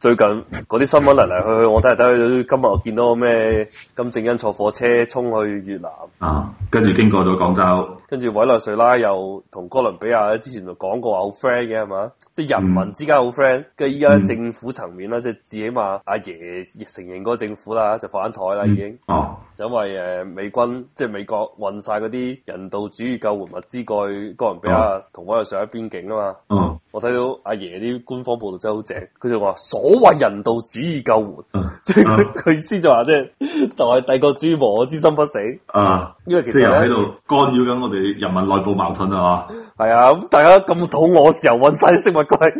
最近嗰啲新聞嚟嚟去去，我睇嚟睇去，今日我見到咩金正恩坐火車沖去越南啊！跟住經過咗廣州，跟住委內瑞拉又同哥倫比亞之前就講過話好 friend 嘅係嘛？即係人民之間好 friend，跟住依家政府層面啦，嗯、即係至少嘛，阿爺亦承認嗰政府啦，就反枱啦，已經就、嗯啊、因為誒美軍即係美國運晒嗰啲人道主義救援物資過去哥倫比亞同委內瑞拉喺邊境啊嘛，嗯嗯、我睇到阿爺啲官方報導真係好正，佢就話所。都話人道主義救援，即係佢意思就話，即係就係帝國主義亡我之心不死啊！嗯、因為其實又喺度干擾緊我哋人民內部矛盾啊嘛！係啊，咁大家咁肚餓時候揾晒食物過嚟，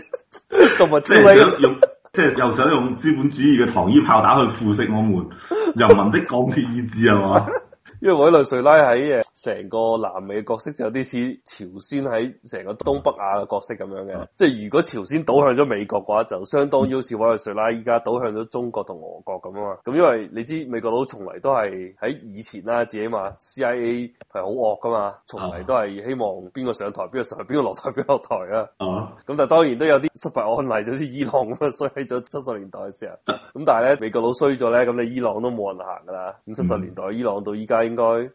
做物資，即係想用，即係又想用資本主義嘅糖衣炮彈去腐蝕我們人民的鋼鐵意志啊嘛！ 因為委內瑞拉喺誒成個南美嘅角色就有啲似朝鮮喺成個東北亞嘅角色咁樣嘅，即係如果朝鮮倒向咗美國嘅話，就相當於似委內瑞拉依家倒向咗中國同俄國咁啊嘛。咁因為你知美國佬從嚟，都係喺以前啦，自己嘛 CIA 係好惡噶嘛，從嚟都係希望邊個上台邊個上台邊個落台邊個落台啊。啊，咁但係當然都有啲失敗案例，就好似伊朗咁啊，所以喺咗七十年代嘅時候。咁但係咧美國佬衰咗咧，咁你伊朗都冇人行噶啦。咁七十年代伊朗到依家。應該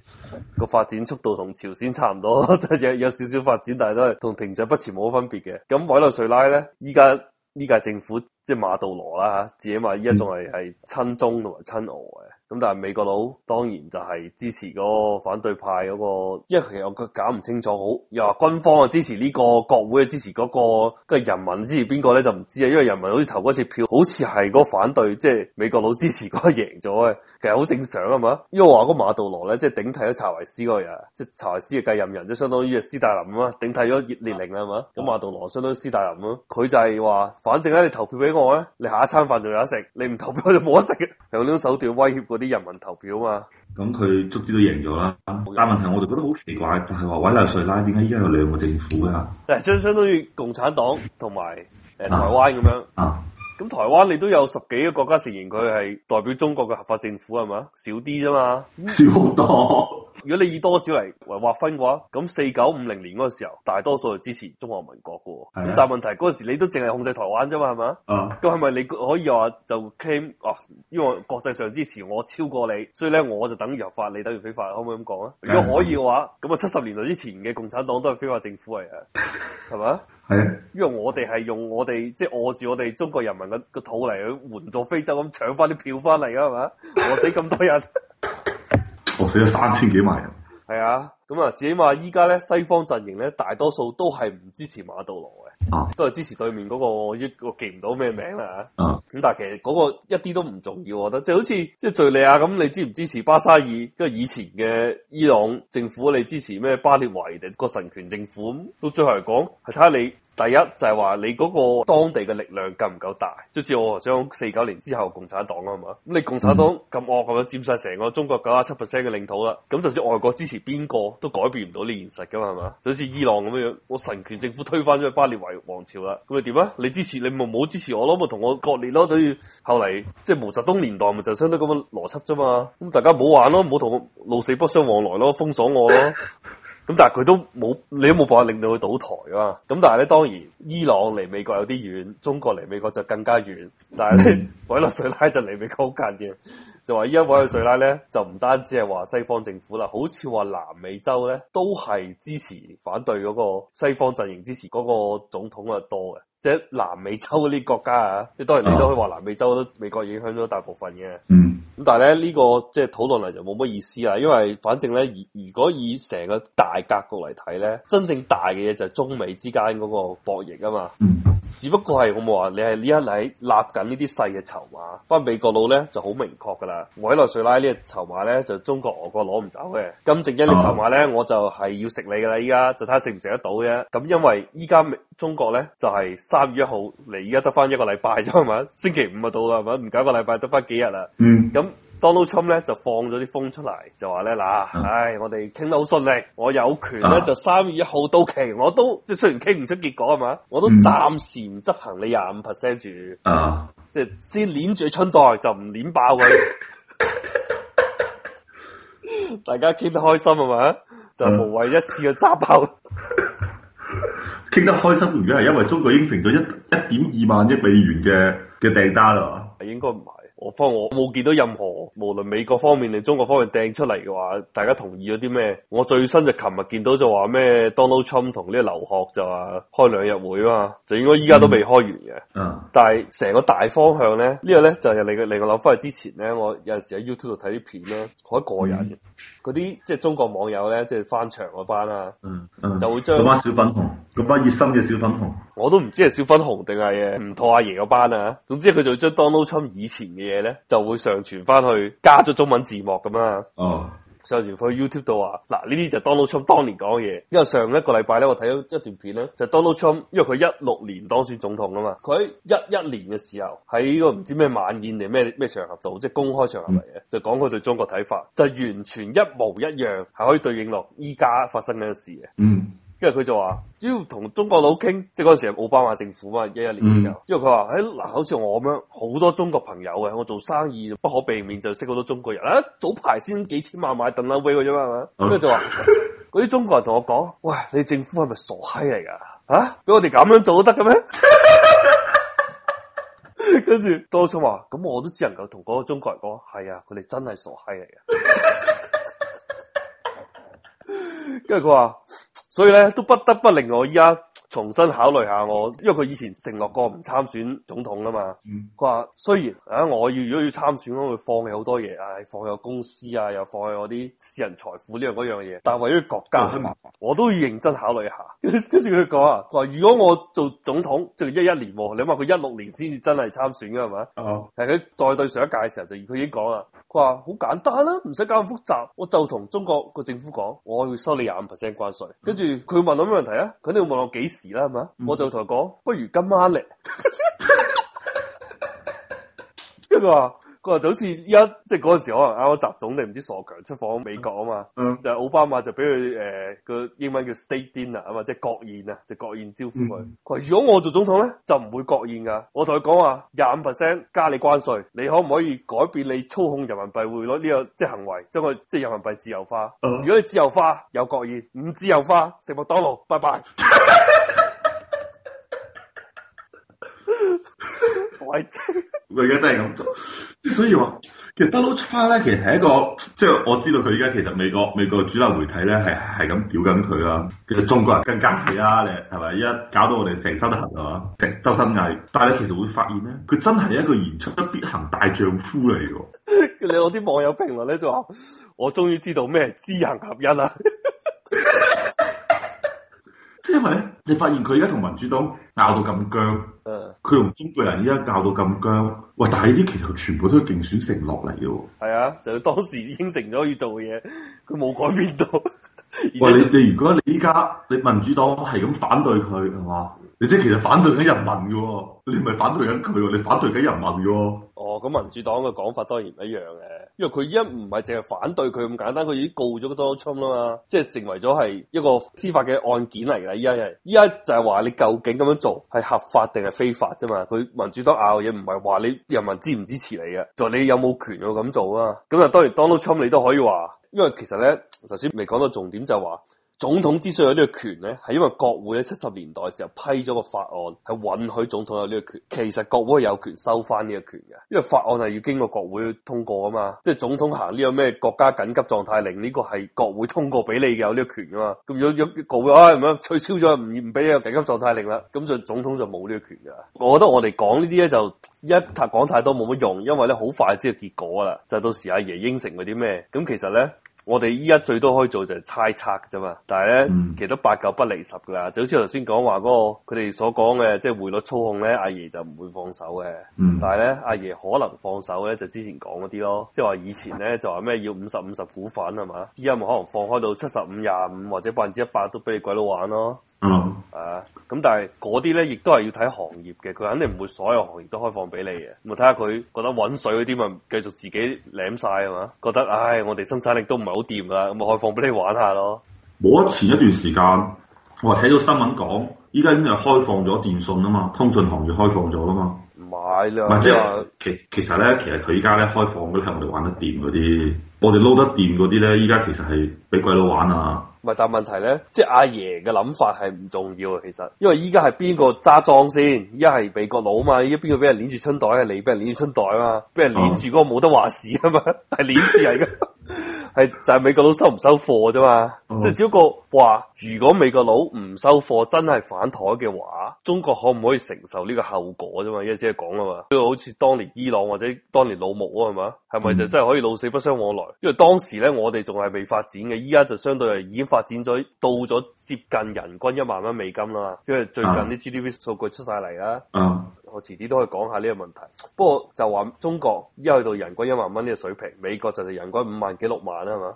個發展速度同朝鮮差唔多，即 係有有少少發展，但係都係同停滯不前冇乜分別嘅。咁委內瑞拉咧，依家依屆政府即係馬杜羅啦，吓，至起碼依家仲係係親中同埋親俄嘅。咁但係美國佬當然就係支持嗰個反對派嗰個。因為其實佢搞唔清楚好，好又話軍方啊支持呢個國會啊支持嗰個，跟住人民支持邊個咧就唔知啊，因為人民好似投嗰次票好似係嗰反對，即係美國佬支持嗰個贏咗嘅，其實好正常啊嘛。因為話嗰馬杜羅咧即係頂替咗查維斯嗰個人，即係查維斯嘅繼任人，即相當於啊斯大林啊嘛，頂替咗列寧啊嘛，咁馬杜羅相當於斯大林咯，佢就係話，反正咧你投票俾我咧，你下一餐飯就有得食，你唔投票就冇得食嘅，用 呢種手段威脅啲。人民投票嘛，咁佢卒之都贏咗啦，但係問題我就覺得好奇怪，就係、是、話委內瑞拉點解依家有兩個政府咧吓？相相當於共產黨同埋誒台灣咁樣，咁、啊、台灣你都有十幾個國家承認佢係代表中國嘅合法政府係嘛？少啲啫嘛，少好多。如果你以多少嚟劃分嘅話，咁四九五零年嗰個時候，大多數係支持中華民國嘅。的但係問題嗰陣時，你都淨係控制台灣啫嘛，係嘛？咁係咪你可以話就 claim 啊，因為國際上支持我超過你，所以咧我就等於合法，你等於非法，可唔可以咁講啊？的如果可以嘅話，咁啊七十年代之前嘅共產黨都係非法政府嚟嘅，係咪？係因為我哋係用我哋即係餓住我哋中國人民嘅個肚嚟去援助非洲搶，咁搶翻啲票翻嚟㗎，係嘛？餓死咁多人。 我死咗三千幾萬人。係啊。咁啊，至係話依家咧，西方陣營咧，大多數都係唔支持馬杜羅嘅，啊、都係支持對面嗰、那個啊啊嗯、個一個記唔到咩名啦吓。咁但係其實嗰個一啲都唔重要，我覺得就是、好似即係敘利亞咁，你支唔支持巴沙爾？即係以前嘅伊朗政府，你支持咩巴列維定個神權政府？到最後嚟講，係睇下你第一就係、是、話你嗰個當地嘅力量夠唔夠大。即似我講四九年之後共產黨啊嘛，咁你共產黨咁惡咁樣佔晒成個中國九啊七 percent 嘅領土啦，咁就算外國支持邊個？都改變唔到呢現實噶嘛，係嘛？就好似伊朗咁樣，我神權政府推翻咗去巴列維王朝啦，咁你點啊？你支持你唔好支持我咯，咪同我割裂咯。所以後嚟即係毛澤東年代，咪就相當咁樣邏輯啫嘛。咁大家唔好玩咯，唔好同我老死不相往來咯，封鎖我咯。咁但係佢都冇，你都冇辦法令到佢倒台啊。咁但係咧，當然伊朗離美國有啲遠，中國離美國就更加遠。但係咧，委內瑞拉就離美國好近嘅。就話依家委內瑞拉咧，就唔單止係話西方政府啦，好似話南美洲咧都係支持反對嗰個西方陣營支持嗰個總統嘅多嘅，即係南美洲嗰啲國家啊，即係當然你都可以話南美洲都美國影響咗大部分嘅。嗯，咁但係咧，呢個即係討論嚟就冇乜意思啦，因為反正咧，如如果以成個大格局嚟睇咧，真正大嘅嘢就係中美之間嗰個博弈啊嘛。嗯。只不過係我冇話你係呢一喺立緊呢啲細嘅籌碼，翻美國佬咧就好明確噶啦。委內瑞拉個籌碼呢個籌碼咧就中國俄國攞唔走嘅。咁正因呢籌碼咧，我就係要食你噶啦，依家就睇下食唔食得到啫。咁因為依家中國咧就係、是、三月一號，你依家得翻一個禮拜啫嘛，星期五啊到啦，唔夠一個禮拜得翻幾日啦。嗯，咁、嗯。Donald Trump 咧就放咗啲風出嚟，就話咧嗱，唉，我哋傾得好順利，我有權咧就三月一號到期，我都即係雖然傾唔出結果係嘛，我都暫時唔執行你廿五 percent 住，嗯、即係先捏住春袋就唔捏爆佢， 大家傾得開心係嘛，就無謂一次嘅揸爆，傾得開心如果係因為中國已經成咗一一點二萬億美元嘅嘅訂單啊，係應該唔係。何方我方我冇見到任何，無論美國方面定中國方面掟出嚟嘅話，大家同意咗啲咩？我最新就琴日見到就話咩 Donald Trump 同啲劉鶴就話開兩日會啊嘛，就應該依家都未開完嘅。嗯，但係成個大方向咧，這個、呢個咧就係令個令我諗翻去之前咧，我有陣時喺 YouTube 度睇啲片咧，好過癮。嗰啲、嗯、即係中國網友咧，即係翻牆嗰班啊，嗯，嗯就會將嗰班小粉紅，嗰班熱心嘅小粉紅，我都唔知係小粉紅定係唔妥阿爺嗰班啊。總之佢就會將 Donald Trump 以前嘅。嘢咧就會上傳翻去加咗中文字幕咁啊，oh. 上傳翻去 YouTube 度啊，嗱呢啲就 Donald Trump 當年講嘅嘢，因為上一個禮拜咧我睇咗一段片咧，就是，Donald Trump，因為佢一六年當選總統噶嘛，佢喺一一年嘅時候喺呢個唔知咩晚宴定咩咩場合度，即係公開場合嚟嘅，mm. 就講佢對中國睇法，就是，完全一模一樣，係可以對應落依家發生嗰件事嘅。Mm. 因為佢就話，只要同中國佬傾，即係嗰陣時係奧巴馬政府嘛，一一年嘅時候。因為佢話，喺嗱，哎、好似我咁樣，好多中國朋友嘅，我做生意不可避免就識好多中國人。啊，早排先幾千萬買 Donald 樓俾佢啫嘛，係嘛？咁啊、嗯、就話，嗰啲中國人同我講，喂，你政府係咪傻閪嚟啊？吓，俾我哋咁樣做都得嘅咩？跟住， 多數話，咁我都只能夠同嗰個中國人講，係啊，佢哋真係傻閪嚟嘅。跟住佢話。所以咧，都不得不令我依家重新考慮下我，因為佢以前承諾過唔參選總統啦嘛。佢話、嗯、雖然啊，我要如果要參選，我會放棄好多嘢，唉、哎，放棄公司啊，又放棄我啲私人財富呢樣嗰樣嘢。但係為咗國家嘅嘛，嗯、我都要認真考慮一下。跟住佢講啊，佢話如果我做總統，即係一一年，你話佢一六年先至真係參選嘅係咪？係佢再對上一屆嘅時候就佢已經講啦。佢話好簡單啦、啊，唔使咁複雜，我就同中國個政府講，我要收你廿五 percent 關稅。跟住佢問我咩問題啊？佢哋會問我幾時？啦係嘛， 我就同佢講，不如今晚嚟。跟住佢話，佢話就好似依家即係嗰陣時，可能啱啱習總定唔知傻強出訪美國啊嘛。就、嗯、奧巴馬就俾佢誒個英文叫 state dinner 嘛，即係國宴啊，就國、國、國宴招呼佢。佢、嗯、如果我做總統咧，就唔會國宴噶。我同佢講話廿五 percent 加你關稅，你可唔可以改變你操控人民幣匯率呢個即係行為，將佢即係人民幣自由化？嗯、如果你自由化有國宴，唔自由化食麥當勞，拜拜。 我而家真係咁做，即所以話，其實 Donald Trump 咧，其實係一個，即係我知道佢而家其實美國美國主流媒體咧係係咁屌緊佢啦。其實中國人更加氣啦、啊，你係咪一搞到我哋成身痕啊？成周身翳。但係咧，其實會發現咧，佢真係一個言出必行大丈夫嚟嘅。 你我啲網友評論咧就話：我終於知道咩係知行合一啦！真係。你發現佢而家同民主黨鬧到咁僵，嗯，佢同中國人而家鬧到咁僵，喂！但係呢啲其實全部都係競選承諾嚟嘅，係啊，就當時應承咗要做嘅嘢，佢冇改變到。喂，你你如果你依家你民主黨係咁反對佢係嘛？你即其實反對緊人民嘅，你唔係反對緊佢，你反對緊人民嘅。哦，咁民主黨嘅講法當然唔一樣嘅，因為佢依家唔係淨係反對佢咁簡單，佢已經告咗 Donald Trump 啦嘛，即係成為咗係一個司法嘅案件嚟啦。依家係，依家就係話你究竟咁樣做係合法定係非法啫嘛。佢民主黨拗嘢唔係話你人民支唔支持你嘅，就係、是、你有冇權去咁做啊。咁啊，當然 Donald Trump 你都可以話，因為其實咧頭先未講到重點就係話。總統之所以有呢個權咧，係因為國會喺七十年代嘅時候批咗個法案，係允許總統有呢個權。其實國會係有權收翻呢個權嘅，因為法案係要經過國會通過啊嘛。即係總統行呢個咩國家緊急狀態令呢個係國會通過俾你嘅有呢個權啊嘛。咁如果一國會啊咁樣取消咗，唔唔俾你個緊急狀態令啦，咁就總統就冇呢個權噶。我覺得我哋講呢啲咧就一講太多冇乜用，因為咧好快就知道結果啦。就到時阿爺應承佢啲咩，咁其實咧。我哋依家最多可以做就係猜測嘅啫嘛，但係咧、嗯、其實都八九不離十噶啦，就好似頭先講話嗰個佢哋所講嘅即係匯率操控咧，阿爺，爺就唔會放手嘅，嗯、但係咧阿爺可能放手咧就之前講嗰啲咯，即係話以前咧就話咩要五十五十股份係嘛，依家咪可能放開到七十五廿五或者百分之一百都俾你鬼佬玩咯，係嘛、嗯？咁、啊、但係嗰啲咧亦都係要睇行業嘅，佢肯定唔會所有行業都開放俾你嘅，咁咪睇下佢覺得揾水嗰啲咪繼續自己舐晒係嘛？覺得唉我哋生產力都唔。冇掂啦，咁咪開放俾你玩一下咯。我前一段時間我睇到新聞講，依家已經係開放咗電信啊嘛，通訊行業開放咗啊嘛。買啦，唔係即係話其其實咧，其實佢依家咧開放都係我哋玩得掂嗰啲，我哋撈得掂嗰啲咧，依家其實係俾鬼佬玩啊。咪，但係問題咧，即係阿爺嘅諗法係唔重要啊。其實，因為依家係邊個揸莊先？依家係美國佬啊嘛？依家邊個俾人捏住春袋，春袋、嗯、啊？你俾人捏住春袋啊嘛？俾人捏住嗰個冇得話事啊嘛？係捏住嚟噶。係就係美國佬收唔收貨啫嘛，即係、嗯、只不過話。如果美國佬唔收貨，真係反台嘅話，中國可唔可以承受呢個後果啫嘛？因為即係講啊嘛，就、這個、好似當年伊朗或者當年老毛啊，係嘛？係咪就真係可以老死不相往來？因為當時咧，我哋仲係未發展嘅，依家就相對係已經發展咗，到咗接近人均一萬蚊美金啦嘛。因為最近啲 GDP 數據出晒嚟啊，我遲啲都可以講下呢個問題。不過就話中國一去到人均一萬蚊呢個水平，美國就係人均五萬幾六萬啦，係、嗯、嘛？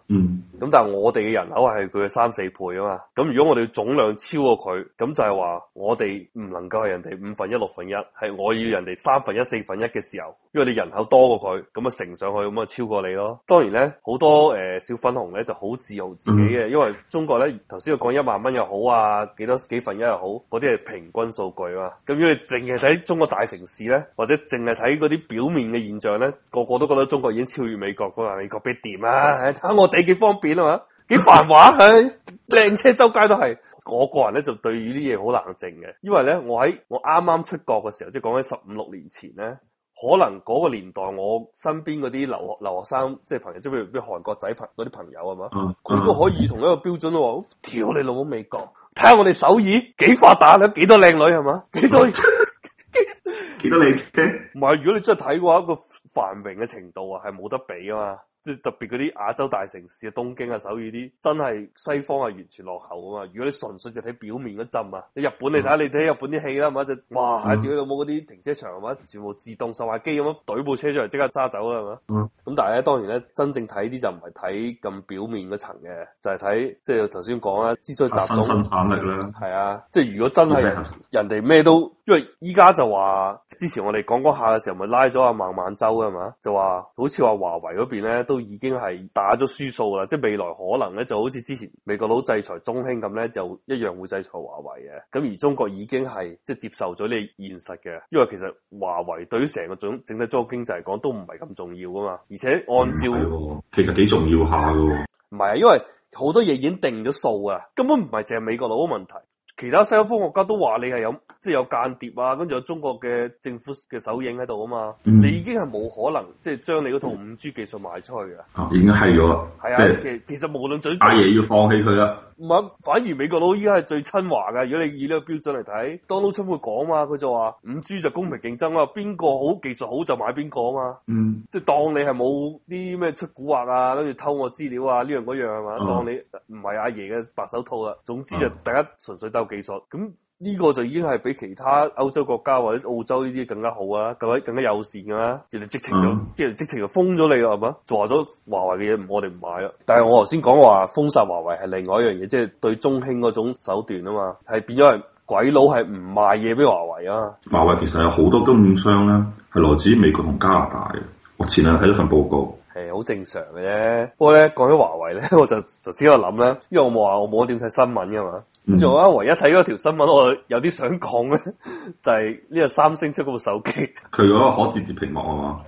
咁但係我哋嘅人口係佢嘅三四倍啊嘛。咁如果我哋總量超過佢，咁就係話我哋唔能夠係人哋五分一六分一，係我要人哋三分一四分一嘅時候，因為你人口多過佢，咁啊乘上去咁啊超過你咯。當然咧，好多誒、呃、小粉紅咧就好自豪自己嘅，因為中國咧頭先我講一萬蚊又好啊，幾多幾分一又好，嗰啲係平均數據啦。咁如果你淨係睇中國大城市咧，或者淨係睇嗰啲表面嘅現象咧，個個都覺得中國已經超越美國，嗰個美國必掂啊？睇下我哋幾方便啊！幾繁華係靚車周街都係，我個人咧就對於啲嘢好冷靜嘅，因為咧我喺我啱啱出國嘅時候，即係講緊十五六年前咧，可能嗰個年代我身邊嗰啲留學留學生即係朋友，即係譬如譬如韓國仔朋嗰啲朋友係嘛，佢都、嗯嗯、可以同一個標準喎。屌你老母美國，睇下我哋首爾幾發達啦，幾多靚女係嘛，幾多幾、嗯、 多靚女唔係如果你真係睇嘅話，一、個繁榮嘅程度啊，係冇得比啊嘛。特別嗰啲亞洲大城市啊，東京啊、首爾啲，真係西方係完全落後㗎嘛。如果你純粹就睇表面嗰陣啊，你日本你睇下，嗯、你睇日本啲戲啦，係嘛？就是、哇屌，有冇嗰啲停車場係嘛？全部自動售賣機咁樣懟部車出嚟即刻揸走啦係嘛？嗯。咁但係咧，當然咧，真正睇啲就唔係睇咁表面嗰層嘅，就係、是、睇即係頭先講啊，資訊集中生產力啦。係、嗯、啊，即係如果真係人哋咩 Okay. 都。因為依家就話，之前我哋講嗰下嘅時候，咪拉咗阿孟晚舟吖嘛？就話好似話華為嗰邊咧，都已經係打咗輸數啦。即係未來可能咧，就好似之前美國佬制裁中興咁咧，就一樣會制裁華為嘅。咁而中國已經係即係接受咗呢現實嘅。因為其實華為對於成個總整體中國經濟嚟講，都唔係咁重要噶嘛。而且按照，其實幾重要下嘅。唔係啊，因為好多嘢已經定咗數啊，根本唔係淨係美國佬嘅問題。其他西方國家都話你係有，即、就、係、是、有間諜啊，跟住有中國嘅政府嘅手影喺度啊嘛，嗯、你已經係冇可能，即係將你嗰套五 G 技術賣出去嘅。哦、嗯啊，已經係咗。係、嗯、啊，其實無論準，阿爺要放棄佢啦。唔係，反而美國佬依家係最親華嘅。如果你以呢個標準嚟睇，Donald Trump 會講嘛，佢就話五 G 就公平競爭啊，邊個好技術好就買邊個啊嘛。嗯，即係當你係冇啲咩出古惑啊，跟住偷我資料啊呢樣嗰樣係嘛，嗯、當你唔係阿爺嘅白手套啊，總之就大家純粹鬥技術咁。呢個就已經係比其他歐洲國家或者澳洲呢啲更加好啊，咁樣更加友善噶嘛，人哋直情就即係、嗯、直情就封咗你啦，係嘛？就話咗華為嘅嘢，我哋唔買啦。但係我頭先講話封殺華為係另外一樣嘢，即係對中興嗰種手段啊嘛，係變咗係鬼佬係唔賣嘢俾華為啊。華為其實有好多供應商咧，係來自於美國同加拿大嘅。我前日睇咗份報告，係好正常嘅啫。不過咧，講起華為咧，我就頭先喺度諗啦，因爲我冇話我冇點睇新聞噶嘛。咁仲、嗯、有一唯一睇嗰條新聞，我有啲想講咧，就係、是、呢個三星出嗰部手機，佢嗰個可摺疊屏幕係嘛？